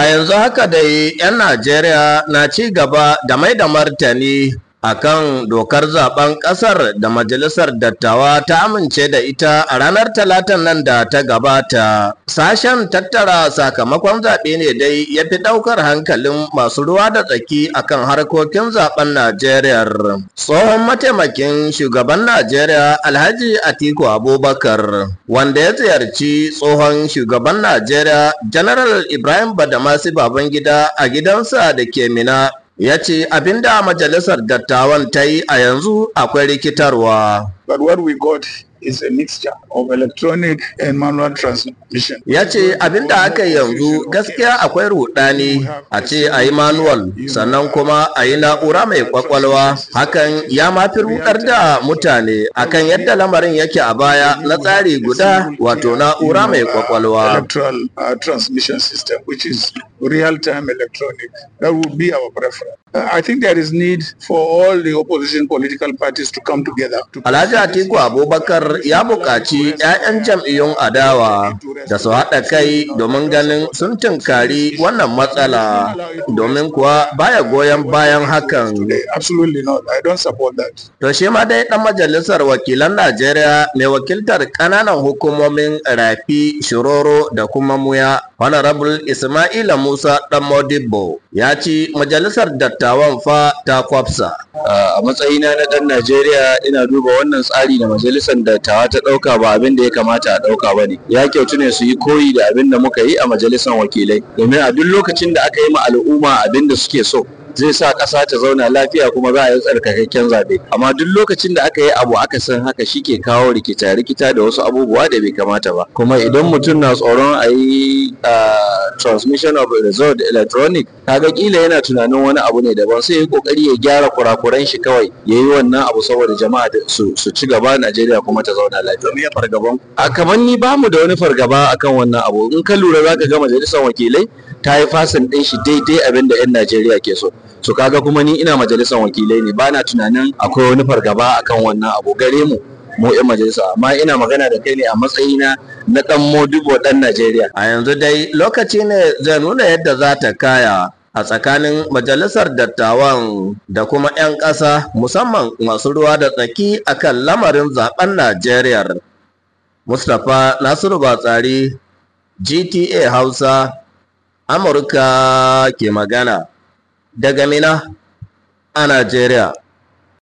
A yanzu haka dai 'yan Najeriya na ci gaba da mai da martani akan dokar zaben kasar da majalisar dattawa ta amince da ita a ranar talatan nan da ta gabata sashen tattara sakamakon zaɓe ne dai ya fi ɗaukar hankalin masu ruwa da tsaki akan harkokin zaben najeriya tsohon mataimakin shugaban najeriya alhaji atiku abubakar wanda ya ziyarci tsohon shugaban najeriya general ibrahim badamasi babangida a gidansa da ke mina ya ce abinda majalisar dattawan ta yi a yanzu akwai rikitarwa. But what we got is a mixture of electronic and manual transmission. Ya ce abin da aka yanzu gaskiya akwai rudani a ce a yi manual sannan kuma a yi na'ura mai kwakwalwa hakan ya mafi rudar da mutane akan yadda lamarin yake a baya na tsari guda wato na'ura mai kwakwalwa. real-time electronic. That would be our preference. I think there is need for all the opposition political parties to come together. Alhaji Atiku Abubakar ya buƙaci 'ya'yan jam'iyyun adawa da su haɗa kai domin ganin sun tinkari wannan matsala domin kuwa baya goyon bayan hakan. To shi ma dai ɗan majalisar wakilan Najeriya mai wakiltar ƙananan hukumomin Rafi, Shiroro da kuma Muya, Honorable Ismaila Musa ɗan Modibo ya ci majalisar dattawan fa ta kwafsa. A matsayina na ɗan Najeriya ina duba wannan tsari da majalisar dattawa ta ɗauka ba abin da ya kamata a ɗauka ba ne. Ya kyautu ne su yi koyi da abin da muka yi a majalisar wakilai domin a duk lokacin da aka yi ma al'umma abin da suke so zai sa ƙasa ta zauna lafiya kuma za a yi tsarkakakken zaɓe amma duk lokacin da aka yi abu aka san haka shi ke kawo rikita rikita da wasu abubuwa da bai kamata ba kuma idan mutum na tsoron a yi transmission of result electronic kaga kila yana tunanin wani abu ne daban sai ya kokari ya gyara kurakuran shi kawai ya yi wannan abu saboda jama'a su ci gaba Najeriya kuma ta zauna lafiya. Me fargaban? A kamar ni ba mu da wani fargaba akan wannan abu in ka lura zaka ga majalisar wakilai ta yi fasin ɗin shi daidai abin da 'yan Najeriya ke so. So kaga kuma ni ina majalisar wakilai ne ba na tunanin akwai wani fargaba akan wannan abu gare mu. mu 'yan majalisa amma ina magana da kai ne a matsayina na ɗan modibo ɗan najeriya a yanzu dai lokaci ne zai nuna yadda za ta kaya a tsakanin majalisar dattawan da kuma 'yan ƙasa musamman masu ruwa da tsaki akan lamarin zaben najeriya mustapha nasiru batsari gta hausa amurka ke magana daga mina a najeriya